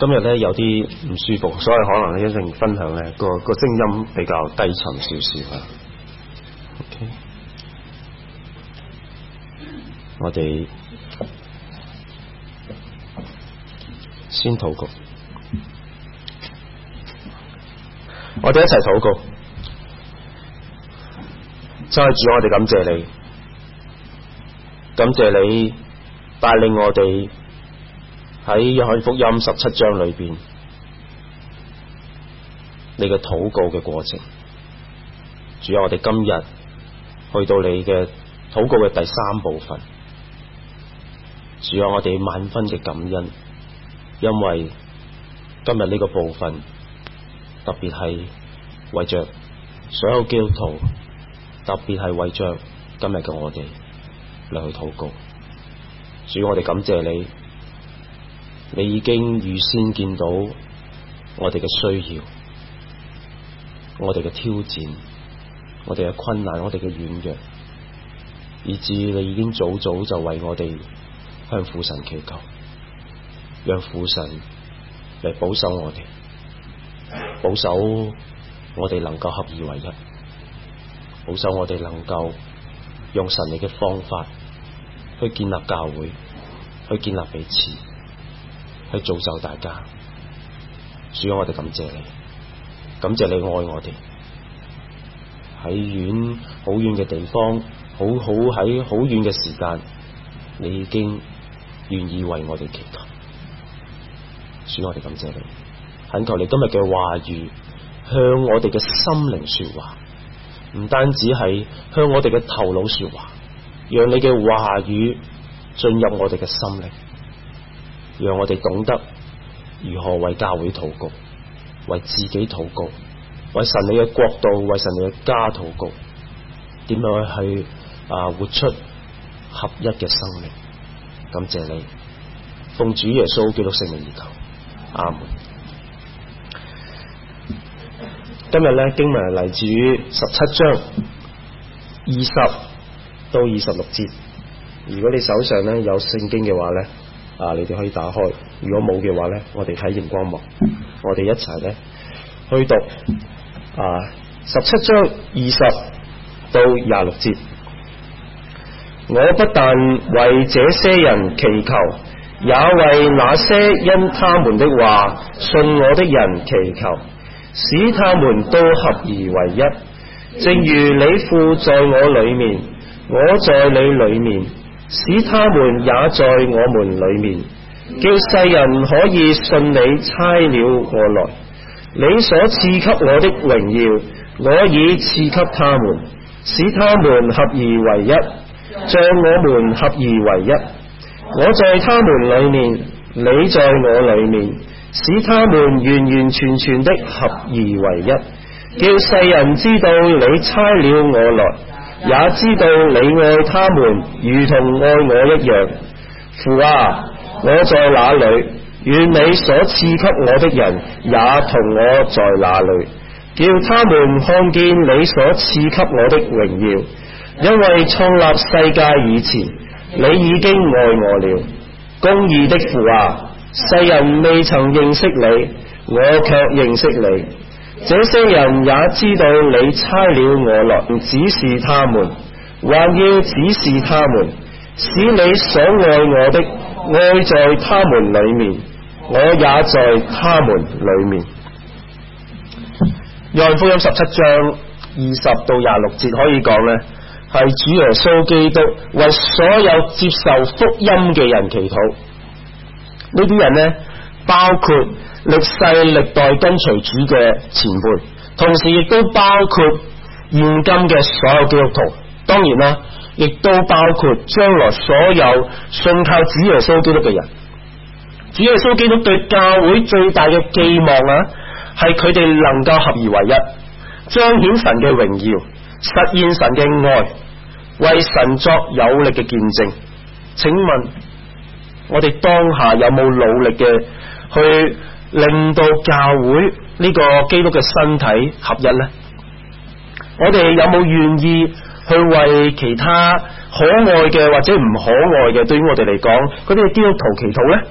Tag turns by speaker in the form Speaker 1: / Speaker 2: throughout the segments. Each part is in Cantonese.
Speaker 1: 今日咧有啲唔舒服，所以可能咧一定分享咧，嗰個、嗰個聲音比較低沉少少。OK，我哋先禱告，我哋一齊禱告，再主我哋感謝你，感謝你帶領我哋。喺約翰福音十七章裏邊，你嘅禱告嘅過程，主有我哋今日去到你嘅禱告嘅第三部分，主有我哋萬分嘅感恩，因為今日呢個部分，特別係為着所有基督徒，特別係為着今日嘅我哋嚟去禱告，主有我哋感謝你。你已經預先見到我哋嘅需要，我哋嘅挑戰，我哋嘅困難，我哋嘅軟弱，以至你已經早早就為我哋向父神祈求，讓父神嚟保守我哋，保守我哋能夠合二為一，保守我哋能夠用神力嘅方法去建立教會，去建立彼此。去造就大家，所以我哋感謝你，感謝你愛我哋。喺遠好遠嘅地方，好好喺好遠嘅時間，你已經願意為我哋祈禱，所以我哋感謝你。懇求你今日嘅話語向我哋嘅心靈說話，唔單止係向我哋嘅頭腦說話，讓你嘅話語進入我哋嘅心靈。讓我哋懂得如何為教會禱告，為自己禱告，為神你嘅國度，為神你嘅家禱告。點樣去啊活出合一嘅生命？感謝你，奉主耶穌基督聖名而求。阿們。今日咧經文嚟自於十七章二十到二十六節。如果你手上咧有聖經嘅話咧。啊！你哋可以打開，如果冇嘅話咧，我哋睇熒光幕，我哋一齊咧去讀啊十七章二十到廿六節。嗯、我不但為這些人祈求，也為那些因他們的話信我的人祈求，使他們都合而為一，嗯、正如你父在我裏面，我在你裏面。使他們也在我們裏面，叫世人可以信你差了我來。你所賜給我的榮耀，我已賜給他們，使他們合而為一，像我們合而為一。我在他們裏面，你在我裏面，使他們完完全全的合而為一，叫世人知道你差了我來。也知道你愛他們，如同愛我一樣。父啊，我在哪裏，願你所賜給我的人也同我在哪裏，叫他們看見你所賜給我的榮耀。因為創立世界以前，你已經愛我了。公義的父啊，世人未曾認識你，我卻認識你。這些人也知道你差了我來，指示他們，還要指示他們，使你所愛我的愛在他們裏面，我也在他們裏面。約 福音十七章二十到廿六節，可以講呢係主耶穌基督為所有接受福音嘅人祈禱。呢啲人呢，包括。歷世歷代跟隨主嘅前輩，同時亦都包括現今嘅所有基督徒，當然啦、啊，亦都包括將來所有信靠主耶穌基督嘅人。主耶穌基督對教會最大嘅寄望啊，係佢哋能夠合而為一，彰顯神嘅榮耀，實現神嘅愛，為神作有力嘅見證。請問我哋當下有冇努力嘅去？令到教會呢個基督嘅身體合一呢？我哋有冇願意去為其他可愛嘅或者唔可愛嘅，對於我哋嚟講，嗰啲基督徒祈禱呢？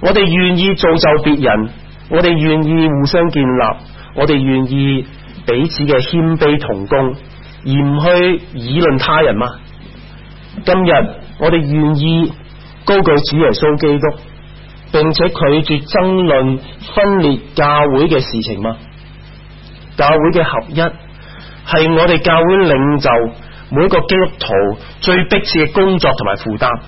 Speaker 1: 我哋願意造就別人，我哋願意互相建立，我哋願意彼此嘅謙卑同工，而唔去議論他人嗎？今日我哋願意高舉主耶穌基督。並且拒絕爭論分裂教會嘅事情嗎？教會嘅合一係我哋教會領袖每一個基督徒最迫切嘅工作同埋負擔。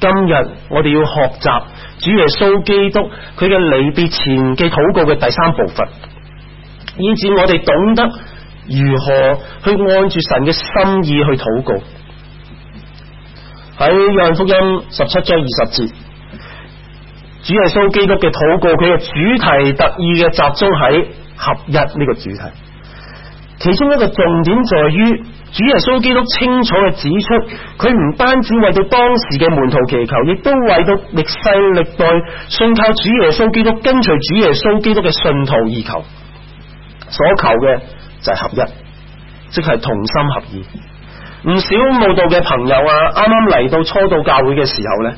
Speaker 1: 今日我哋要學習主耶穌基督佢嘅離別前嘅禱告嘅第三部分，以至我哋懂得如何去按住神嘅心意去禱告。喺約翰福音十七章二十節。主耶穌基督嘅禱告，佢嘅主題特意嘅集中喺合一呢個主題，其中一個重點在於主耶穌基督清楚嘅指出，佢唔單止為到當時嘅門徒祈求，亦都為到歷世歷代信靠主耶穌基督、跟隨主耶穌基督嘅信徒而求，所求嘅就係合一，即係同心合意。唔少慕道嘅朋友啊，啱啱嚟到初到教會嘅時候呢。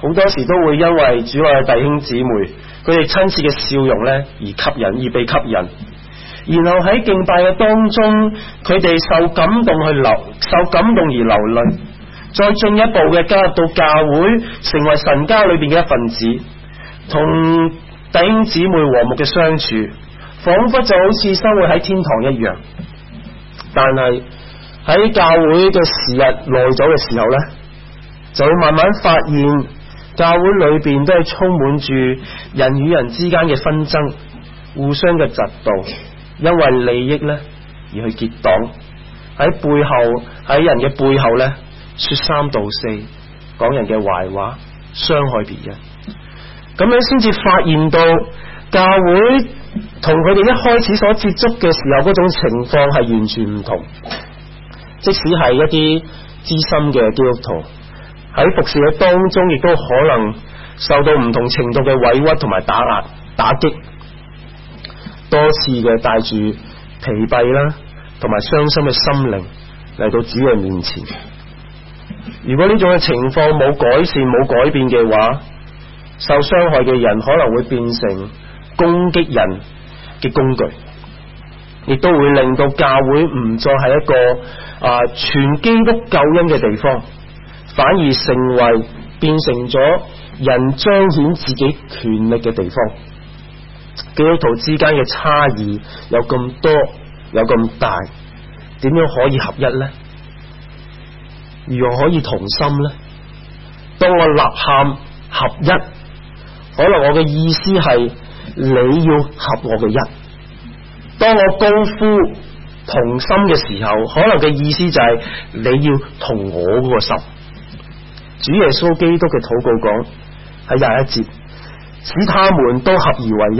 Speaker 1: 好多時都會因為主愛嘅弟兄姊妹佢哋親切嘅笑容呢而吸引而被吸引，然後喺敬拜嘅當中，佢哋受感動去流受感動而流淚，再進一步嘅加入到教會，成為神家裏邊嘅一份子，同弟兄姊妹和睦嘅相處，仿佛就好似生活喺天堂一樣。但係喺教會嘅時日耐咗嘅時候呢，就會慢慢發現。教會裏邊都係充滿住人與人之間嘅紛爭，互相嘅嫉妒，因為利益呢而去結黨，喺背後喺人嘅背後呢說三道四，講人嘅壞話，傷害別人，咁樣先至發現到教會同佢哋一開始所接觸嘅時候嗰種情況係完全唔同，即使係一啲資深嘅基督徒。喺服侍嘅當中，亦都可能受到唔同程度嘅委屈同埋打壓、打擊，多次嘅帶住疲憊啦，同埋傷心嘅心靈嚟到主人面前。如果呢種嘅情況冇改善、冇改變嘅話，受傷害嘅人可能會變成攻擊人嘅工具，亦都會令到教會唔再係一個啊傳基督救恩嘅地方。反而成為變成咗人彰顯自己權力嘅地方，基督徒之間嘅差異有咁多，有咁大，點樣可以合一呢？如何可以同心呢？當我吶喊合一，可能我嘅意思係你要合我嘅一；當我高呼同心嘅時候，可能嘅意思就係、是、你要同我嗰個心。主耶穌基督嘅禱告講喺廿一節，使他們都合而為一，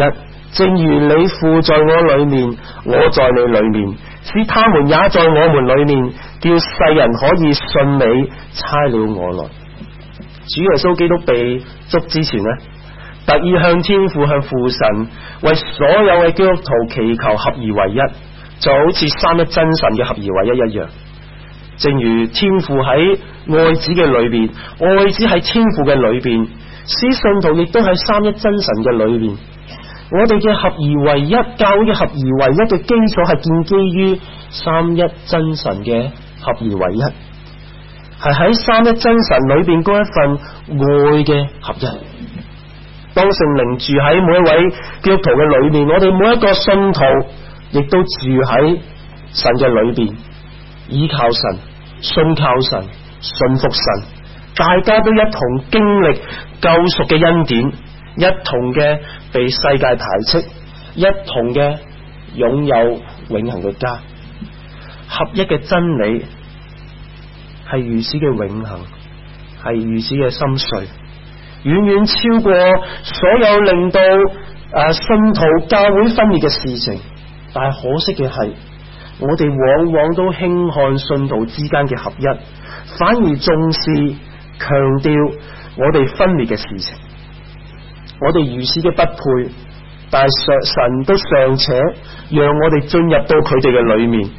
Speaker 1: 正如你父在我裏面，我在你裏面，使他們也在我們裏面，叫世人可以信你差了我來。主耶穌基督被捉之前咧，特意向天父向父神為所有嘅基督徒祈求合而為一，就好似三一真神嘅合而為一一一樣。正如天父喺愛子嘅裏邊，愛子喺天父嘅裏邊，使信徒亦都喺三一真神嘅裏邊。我哋嘅合而為一，教會嘅合而為一嘅基礎係建基於三一真神嘅合而為一，係喺三一真神裏邊一份愛嘅合一。當聖靈住喺每一位基督徒嘅裏邊，我哋每一個信徒亦都住喺神嘅裏邊。依靠神、信靠神、信服神，大家都一同經歷救贖嘅恩典，一同嘅被世界排斥，一同嘅擁有永恆嘅家，合一嘅真理係如此嘅永恆，係如此嘅心碎，遠遠超過所有令到誒、呃、信徒教會分裂嘅事情。但係可惜嘅係。我哋往往都輕看信徒之間嘅合一，反而重視強調我哋分裂嘅事情。我哋如此嘅不配，但係神都尚且讓我哋進入到佢哋嘅裏面。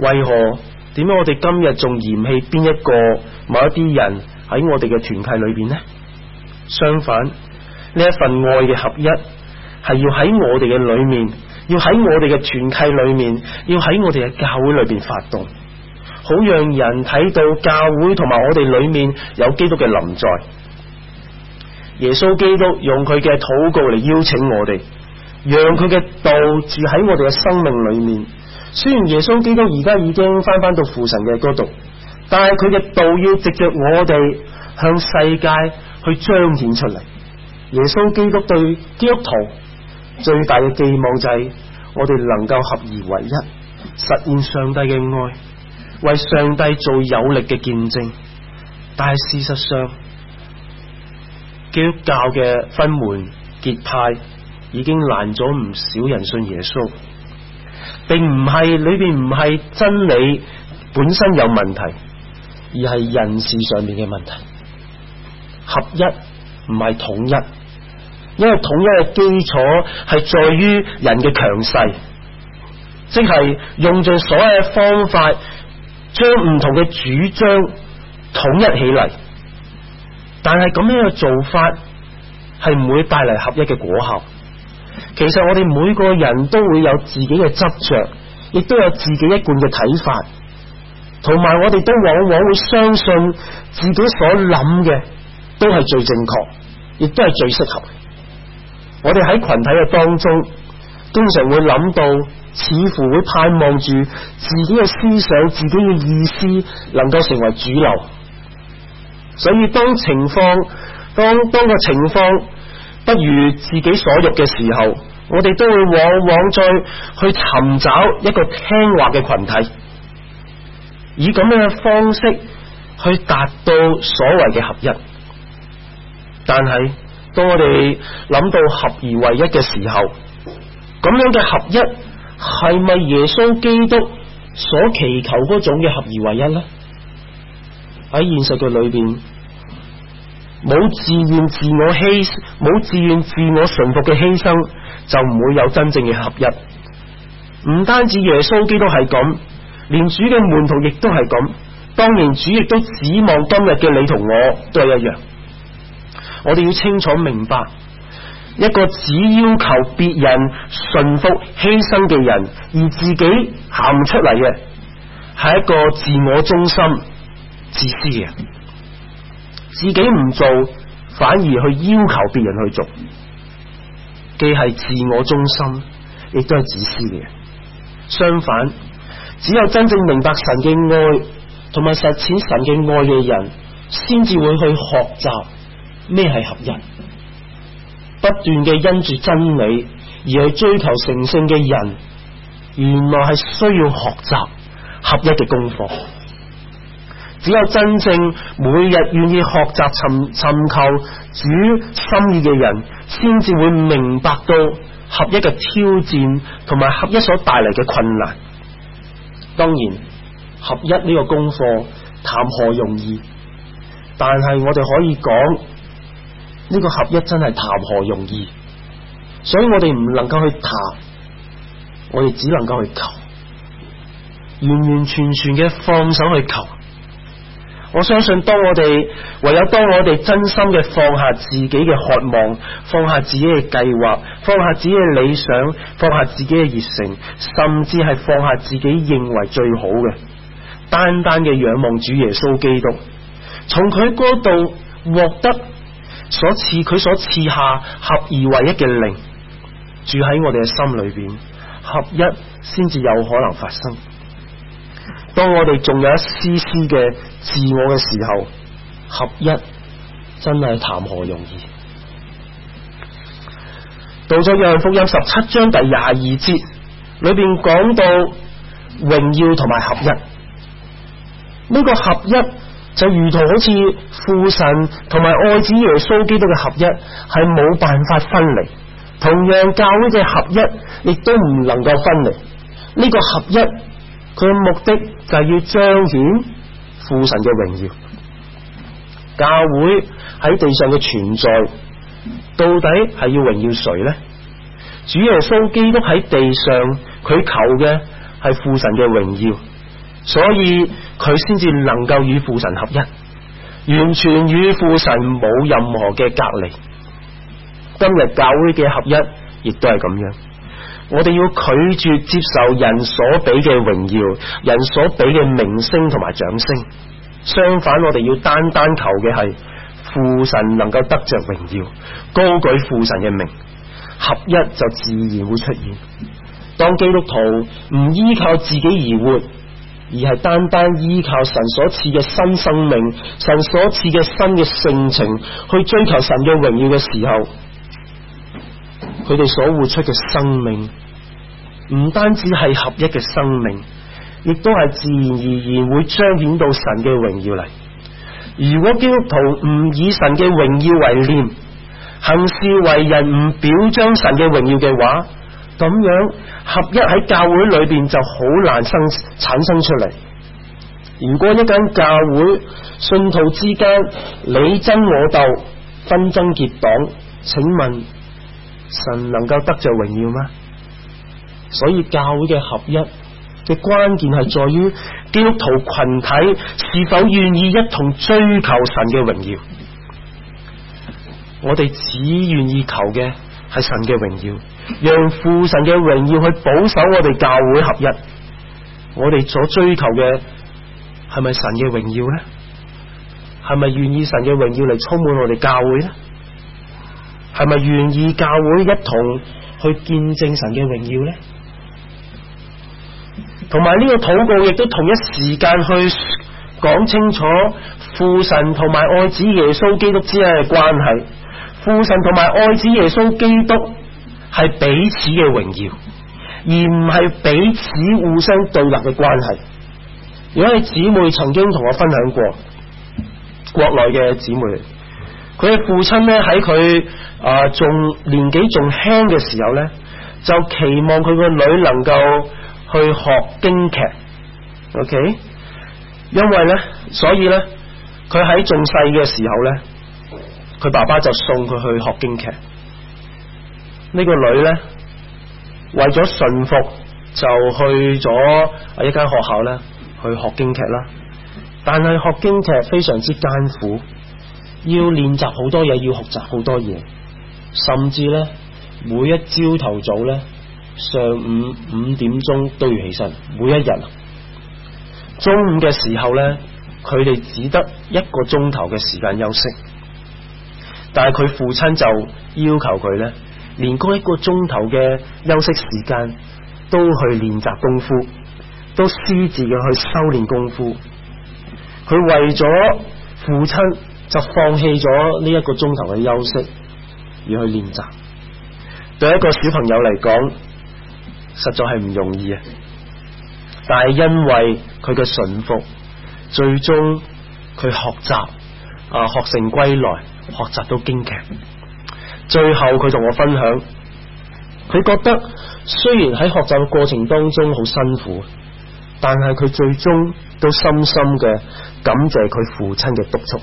Speaker 1: 為何？點解我哋今日仲嫌棄邊一個某一啲人喺我哋嘅團體裏邊呢？相反，呢一份愛嘅合一係要喺我哋嘅裏面。要喺我哋嘅團契裏面，要喺我哋嘅教會裏邊發動，好讓人睇到教會同埋我哋裏面有基督嘅臨在。耶穌基督用佢嘅禱告嚟邀請我哋，讓佢嘅道住喺我哋嘅生命裏面。雖然耶穌基督而家已經翻翻到父神嘅嗰度，但係佢嘅道要藉着我哋向世界去彰顯出嚟。耶穌基督對基督徒。最大嘅寄望就係我哋能夠合而為一，實現上帝嘅愛，為上帝做有力嘅見證。但係事實上，基督教嘅分門結派已經攔咗唔少人信耶穌，並唔係裏邊唔係真理本身有問題，而係人事上面嘅問題。合一唔係統一。因為統一嘅基礎係在於人嘅強勢，即係用盡所有嘅方法將唔同嘅主張統一起嚟，但係咁樣嘅做法係唔會帶嚟合一嘅果效。其實我哋每個人都會有自己嘅執着，亦都有自己一貫嘅睇法，同埋我哋都往往會相信自己所諗嘅都係最正確，亦都係最適合。我哋喺群體嘅當中，經常會諗到，似乎會盼望住自己嘅思想、自己嘅意思能夠成為主流。所以當情況當當個情況不如自己所欲嘅時候，我哋都會往往再去尋找一個聽話嘅群體，以咁樣嘅方式去達到所謂嘅合一。但係，當我哋諗到合而為一嘅時候，咁樣嘅合一係咪耶穌基督所祈求嗰種嘅合而為一呢？喺現實嘅裏邊，冇自願自我犧，冇自願自我順服嘅犧牲，就唔會有真正嘅合一。唔單止耶穌基督係咁，連主嘅門徒亦都係咁。當年主亦都指望今日嘅你同我都係一樣。我哋要清楚明白，一個只要求別人順服犧牲嘅人，而自己行唔出嚟嘅，係一個自我中心、自私嘅人。自己唔做，反而去要求別人去做，既係自我中心，亦都係自私嘅。相反，只有真正明白神嘅愛，同埋實踐神嘅愛嘅人，先至會去學習。咩係合一？不斷嘅因住真理而去追求成聖嘅人，原來係需要學習合一嘅功課。只有真正每日願意學習尋尋求主心意嘅人，先至會明白到合一嘅挑戰同埋合一所帶嚟嘅困難。當然，合一呢個功課談何容易？但係我哋可以講。呢個合一真係談何容易，所以我哋唔能夠去談，我哋只能夠去求，完完全全嘅放手去求。我相信當我哋，唯有當我哋真心嘅放下自己嘅渴望，放下自己嘅計劃，放下自己嘅理想，放下自己嘅熱誠，甚至係放下自己認為最好嘅，單單嘅仰望主耶穌基督，從佢嗰度獲得。所賜，佢所賜下合而為一嘅靈住喺我哋嘅心裏邊，合一先至有可能發生。當我哋仲有一絲絲嘅自我嘅時候，合一真係談何容易。到咗約翰福音十七章第廿二節裏邊講到榮耀同埋合一，呢個合一。就如同好似父神同埋愛子耶穌基督嘅合一，係冇辦法分離。同樣教會嘅合一，亦都唔能夠分離。呢個合一佢嘅目的就係要彰顯父神嘅榮耀。教會喺地上嘅存在，到底係要榮耀誰咧？主耶穌基督喺地上，佢求嘅係父神嘅榮耀。所以佢先至能夠與父神合一，完全與父神冇任何嘅隔離。今日教會嘅合一亦都係咁樣。我哋要拒絕接受人所俾嘅榮耀，人所俾嘅名聲同埋掌聲。相反，我哋要單單求嘅係父神能夠得着榮耀，高舉父神嘅名，合一就自然會出現。當基督徒唔依靠自己而活。而係單單依靠神所賜嘅新生命，神所賜嘅新嘅性情去追求神嘅榮耀嘅時候，佢哋所活出嘅生命，唔單止係合一嘅生命，亦都係自然而然會彰顯到神嘅榮耀嚟。如果基督徒唔以神嘅榮耀為念，行事為人唔表彰神嘅榮耀嘅話，咁樣合一喺教會裏邊就好難生產生出嚟。如果一間教會信徒之間你爭我鬥、紛爭結黨，請問神能夠得着榮耀嗎？所以教會嘅合一嘅關鍵係在於基督徒群體是否願意一同追求神嘅榮耀。我哋只願意求嘅係神嘅榮耀。讓父神嘅榮耀去保守我哋教會合一，我哋所追求嘅，係咪神嘅榮耀咧？係咪願意神嘅榮耀嚟充滿我哋教會咧？係咪願意教會一同去見證神嘅榮耀咧？同埋呢個禱告亦都同一時間去講清楚父神同埋愛子耶穌基督之間嘅關係，父神同埋愛子耶穌基督。係彼此嘅榮耀，而唔係彼此互相對立嘅關係。如果你姊妹曾經同我分享過國內嘅姊妹，佢嘅父親呢喺佢啊仲年紀仲輕嘅時候呢，就期望佢個女能夠去學京劇。OK，因為呢，所以呢，佢喺仲細嘅時候呢，佢爸爸就送佢去學京劇。呢個女呢，為咗順服，就去咗一間學校呢，去學京劇啦。但係學京劇非常之艱苦，要練習好多嘢，要學習好多嘢，甚至呢，每一朝頭早呢，上午五點鐘都要起身，每一日中午嘅時候呢，佢哋只得一個鐘頭嘅時間休息。但係佢父親就要求佢呢。連嗰一個鐘頭嘅休息時間都去練習功夫，都私自嘅去修煉功夫。佢為咗父親就放棄咗呢一個鐘頭嘅休息而去練習。對一個小朋友嚟講，實在係唔容易啊！但係因為佢嘅順服，最終佢學習啊學成歸來，學習到京劇。最後佢同我分享，佢覺得雖然喺學習嘅過程當中好辛苦，但係佢最終都深深嘅感謝佢父親嘅督促。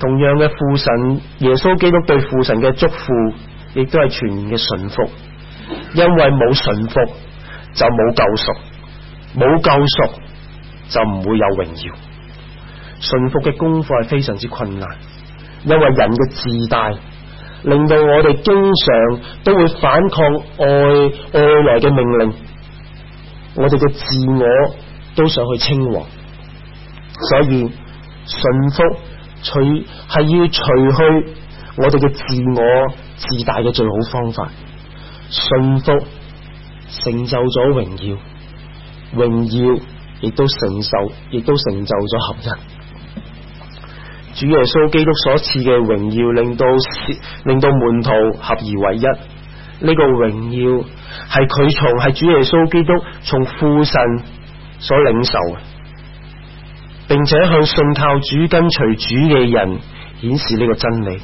Speaker 1: 同樣嘅父神耶穌基督對父神嘅祝福，亦都係全然嘅順服。因為冇順服就冇救贖，冇救贖就唔會有榮耀。順服嘅功課係非常之困難。因為人嘅自大，令到我哋經常都會反抗外外來嘅命令，我哋嘅自我都想去稱王，所以順服除係要除去我哋嘅自我自大嘅最好方法，順服成就咗榮耀，榮耀亦都承受，亦都成就咗合一。主耶穌基督所賜嘅榮耀，令到令到門徒合而為一。呢個榮耀係佢從係主耶穌基督從父神所領受嘅，並且向信靠主跟隨主嘅人顯示呢個真理。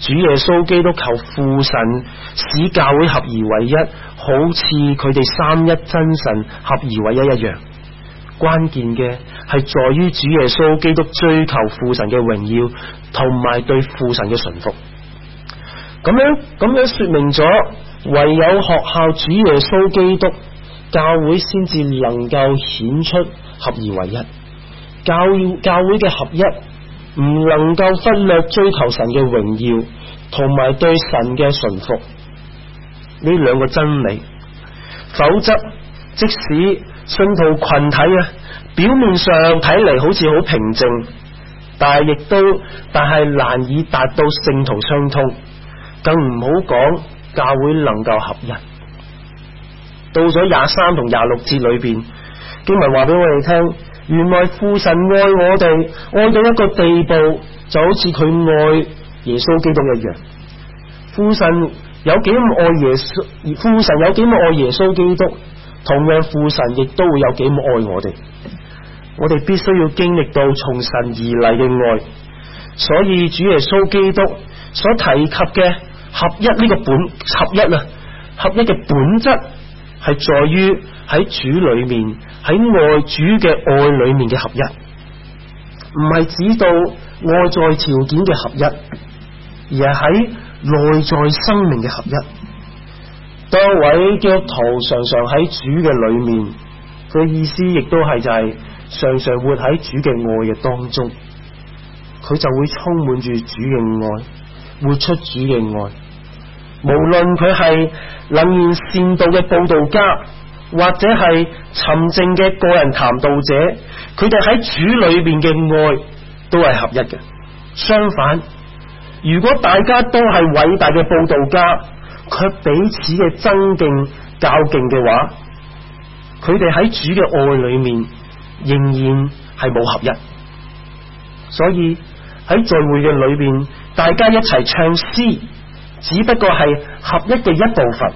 Speaker 1: 主耶穌基督求父神使教會合而為一，好似佢哋三一真神合而為一一樣。關鍵嘅係在於主耶穌基督追求父神嘅榮耀，同埋對父神嘅順服。咁樣咁樣說明咗，唯有學校主耶穌基督教會先至能夠顯出合而為一。教教會嘅合一唔能夠忽略追求神嘅榮耀，同埋對神嘅順服呢兩個真理，否則即使。信徒群體啊，表面上睇嚟，好似好平靜，但係亦都，但係難以達到聖徒相通，更唔好講教會能夠合一。到咗廿三同廿六節裏邊，經文話俾我哋聽，原來父神愛我哋愛到一個地步，就好似佢愛耶穌基督一樣。父神有幾咁愛耶穌？父神有幾咁愛耶穌基督？同樣父神亦都會有幾愛我哋，我哋必須要經歷到從神而嚟嘅愛，所以主耶穌基督所提及嘅合一呢個本合一啊，合一嘅本質係在於喺主裏面喺愛主嘅愛裏面嘅合一，唔係指到外在條件嘅合一，而係喺內在生命嘅合一。多位基督徒常常喺主嘅裏面，佢意思亦都係就係常常活喺主嘅愛嘅當中，佢就會充滿住主嘅愛，活出主嘅愛。嗯、無論佢係能言善道嘅報道家，或者係沉靜嘅個人談道者，佢哋喺主裏邊嘅愛都係合一嘅。相反，如果大家都係偉大嘅報道家。卻彼此嘅爭競、較勁嘅話，佢哋喺主嘅愛裏面仍然係冇合一。所以喺聚會嘅裏邊，大家一齊唱詩，只不過係合一嘅一部分。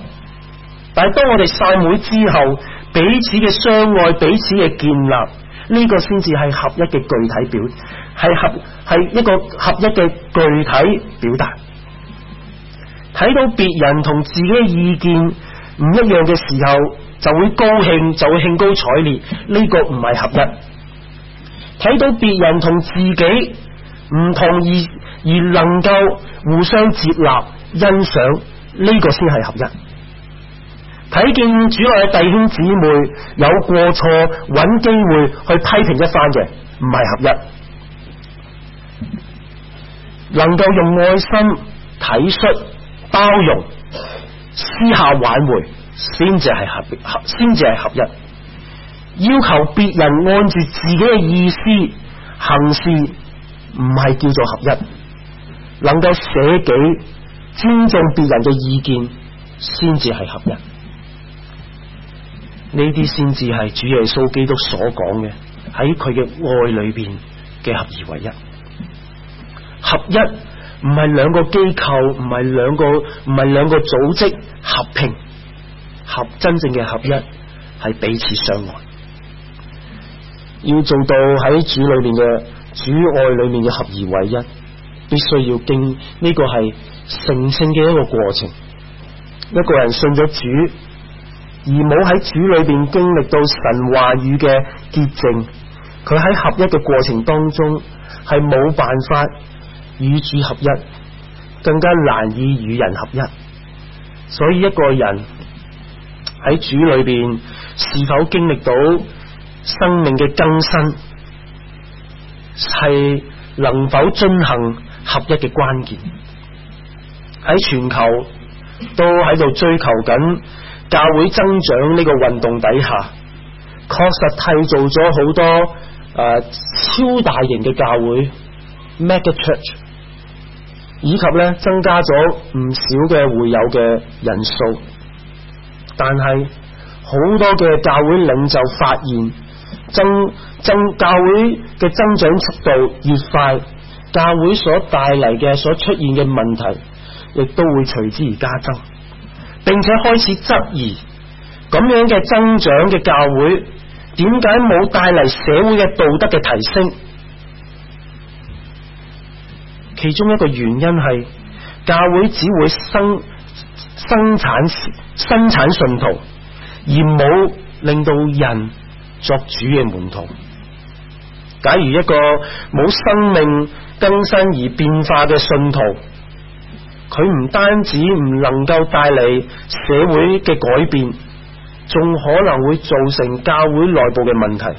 Speaker 1: 但係當我哋散會之後，彼此嘅相愛、彼此嘅建立，呢、這個先至係合一嘅具體表，係合係一個合一嘅具體表達。睇到別人同自己嘅意見唔一樣嘅時候，就會高興，就會興高采烈。呢個唔係合一。睇到別人同自己唔同意而能夠互相接納、欣賞，呢個先係合一。睇見主內嘅弟兄姊妹有過錯，揾機會去批評一番嘅，唔係合一。能夠用愛心體恤。包容私下挽回，先至係合先至係合一。要求別人按住自己嘅意思行事，唔係叫做合一。能夠捨己尊重別人嘅意見，先至係合一。呢啲先至係主耶穌基督所講嘅，喺佢嘅愛裏邊嘅合而為一，合一。唔係兩個機構，唔係兩個，唔係兩個組織合拼合，真正嘅合一係彼此相愛。要做到喺主裏邊嘅主愛裏面嘅合而為一，必須要經呢個係成聖嘅一個過程。一個人信咗主，而冇喺主裏邊經歷到神話語嘅潔淨，佢喺合一嘅過程當中係冇辦法。與主合一，更加難以與人合一。所以一個人喺主裏邊是否經歷到生命嘅更新，係能否遵行合一嘅關鍵。喺全球都喺度追求緊教會增長呢個運動底下，確實締造咗好多誒、呃、超大型嘅教會 Mega Church 以及咧增加咗唔少嘅會友嘅人數但，但係好多嘅教會領袖發現，增增教會嘅增長速度越快，教會所帶嚟嘅所出現嘅問題，亦都會隨之而加增，並且開始質疑咁樣嘅增長嘅教會，點解冇帶嚟社會嘅道德嘅提升？其中一個原因係教會只會生生產生產信徒，而冇令到人作主嘅門徒。假如一個冇生命更新而變化嘅信徒，佢唔單止唔能夠帶嚟社會嘅改變，仲可能會造成教會內部嘅問題。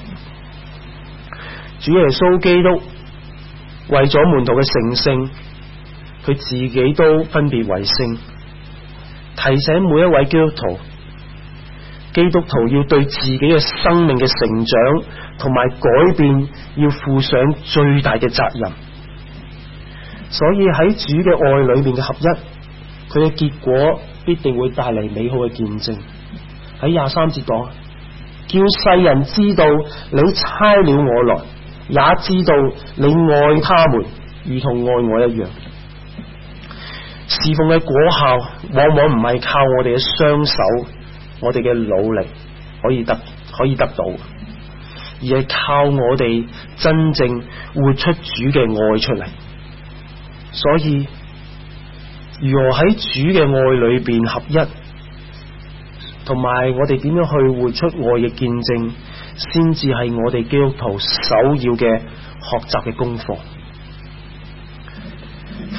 Speaker 1: 主耶穌基督。為咗門徒嘅成聖，佢自己都分別為聖，提醒每一位基督徒，基督徒要對自己嘅生命嘅成長同埋改變，要負上最大嘅責任。所以喺主嘅愛裏邊嘅合一，佢嘅結果必定會帶嚟美好嘅見證。喺廿三節講，叫世人知道你差了我來。也知道你愛他們，如同愛我一樣。侍奉嘅果效，往往唔係靠我哋嘅雙手、我哋嘅努力可以得、可以得到，而係靠我哋真正活出主嘅愛出嚟。所以，如何喺主嘅愛裏邊合一，同埋我哋點樣去活出愛嘅見證？先至係我哋基督徒首要嘅學習嘅功課。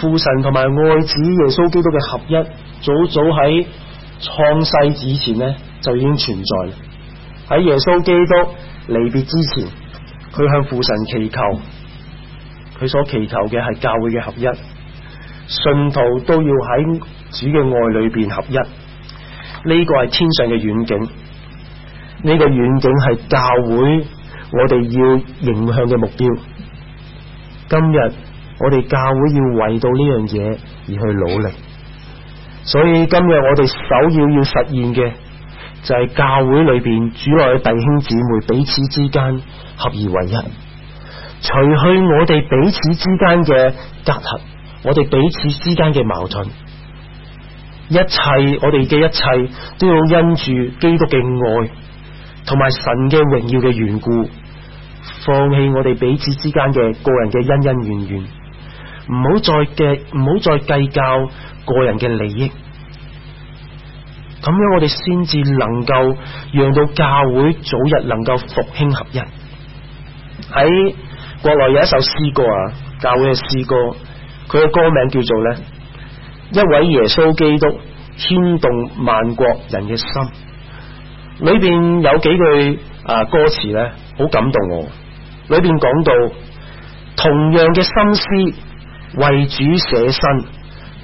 Speaker 1: 父神同埋愛子耶穌基督嘅合一，早早喺創世之前呢，就已經存在。喺耶穌基督離別之前，佢向父神祈求，佢所祈求嘅係教會嘅合一，信徒都要喺主嘅愛裏邊合一。呢個係天上嘅遠景。呢個遠景係教會我哋要迎向嘅目標。今日我哋教會要為到呢樣嘢而去努力，所以今日我哋首要要實現嘅就係教會裏邊主內嘅弟兄姊妹彼此之間合而為一，除去我哋彼此之間嘅隔閡，我哋彼此之間嘅矛盾，一切我哋嘅一切都要因住基督嘅愛。同埋神嘅榮耀嘅緣故，放棄我哋彼此之間嘅個人嘅恩恩怨怨，唔好再計，唔好再計較個人嘅利益，咁樣我哋先至能夠讓到教會早日能夠復興合一。喺國內有一首詩歌啊，教會嘅詩歌，佢嘅歌名叫做呢一位耶穌基督牽動萬國人嘅心。裏邊有幾句啊歌詞呢，好感動我。裏邊講到同樣嘅心思為主捨身，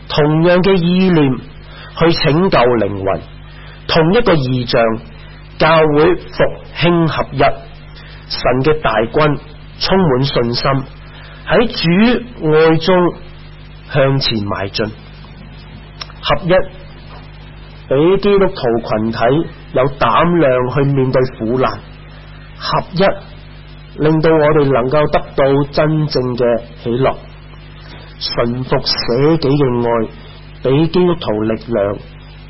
Speaker 1: 同樣嘅意念去拯救靈魂，同一個異象教會復興合一，神嘅大軍充滿信心喺主愛中向前邁進，合一俾基督徒群體。有膽量去面對苦難，合一令到我哋能夠得到真正嘅喜樂，順服捨己嘅愛，俾基督徒力量，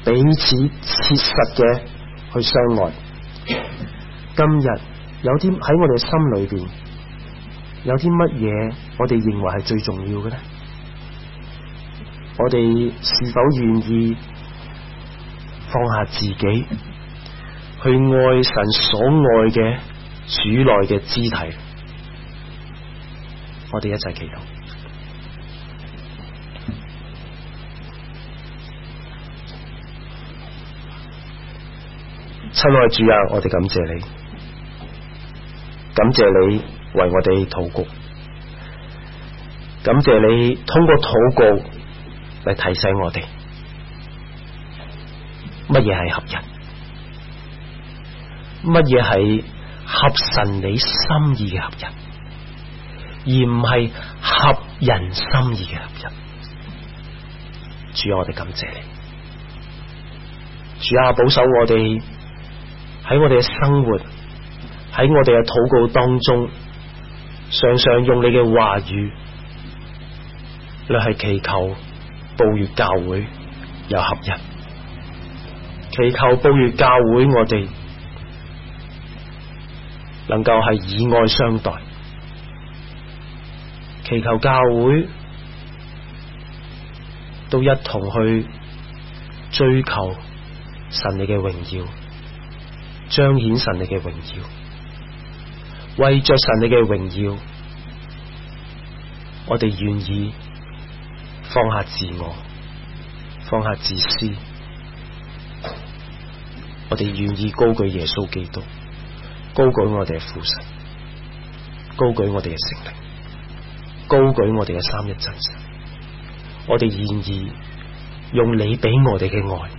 Speaker 1: 彼此切實嘅去相愛。今日有啲喺我哋心裏邊有啲乜嘢，我哋認為係最重要嘅呢？我哋是否願意放下自己？去愛神所愛嘅主內嘅肢體，我哋一齊祈禱。親愛主啊，我哋感謝你，感謝你為我哋禱告，感謝你通過禱告嚟提醒我哋乜嘢係合人。乜嘢係合神你心意嘅合一，而唔係合人心意嘅合一？主我哋感謝你，主啊，保守我哋喺我哋嘅生活，喺我哋嘅禱告當中，常常用你嘅話語，你係祈求，報悅教會有合一，祈求報悅教會我哋，能夠係以愛相待，祈求教會都一同去追求神你嘅榮耀，彰顯神你嘅榮耀，為着神你嘅榮耀，我哋願意放下自我，放下自私，我哋願意高舉耶穌基督。高舉我哋嘅父神，高舉我哋嘅聖靈，高舉我哋嘅三一真神。我哋願意用你俾我哋嘅愛，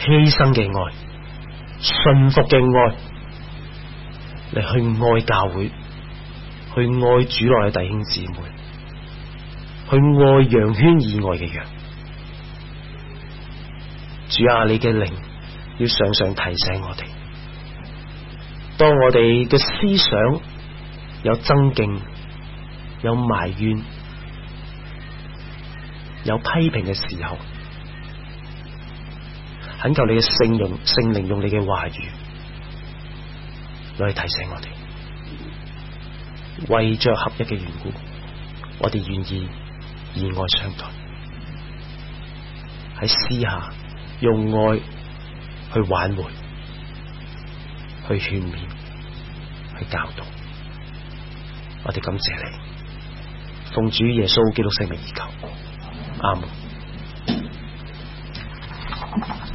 Speaker 1: 犧牲嘅愛，信服嘅愛嚟去愛教會，去愛主內嘅弟兄姊妹，去愛羊圈以外嘅羊。主啊，你嘅靈要常常提醒我哋。當我哋嘅思想有爭競、有埋怨、有批評嘅時候，懇求你嘅聖用聖靈用你嘅話語，攞嚟提醒我哋，為着合一嘅緣故，我哋願意以愛相待，喺私下用愛去挽回。去勸勉，去教導，我哋感謝你，奉主耶穌基督聖名而求，阿門。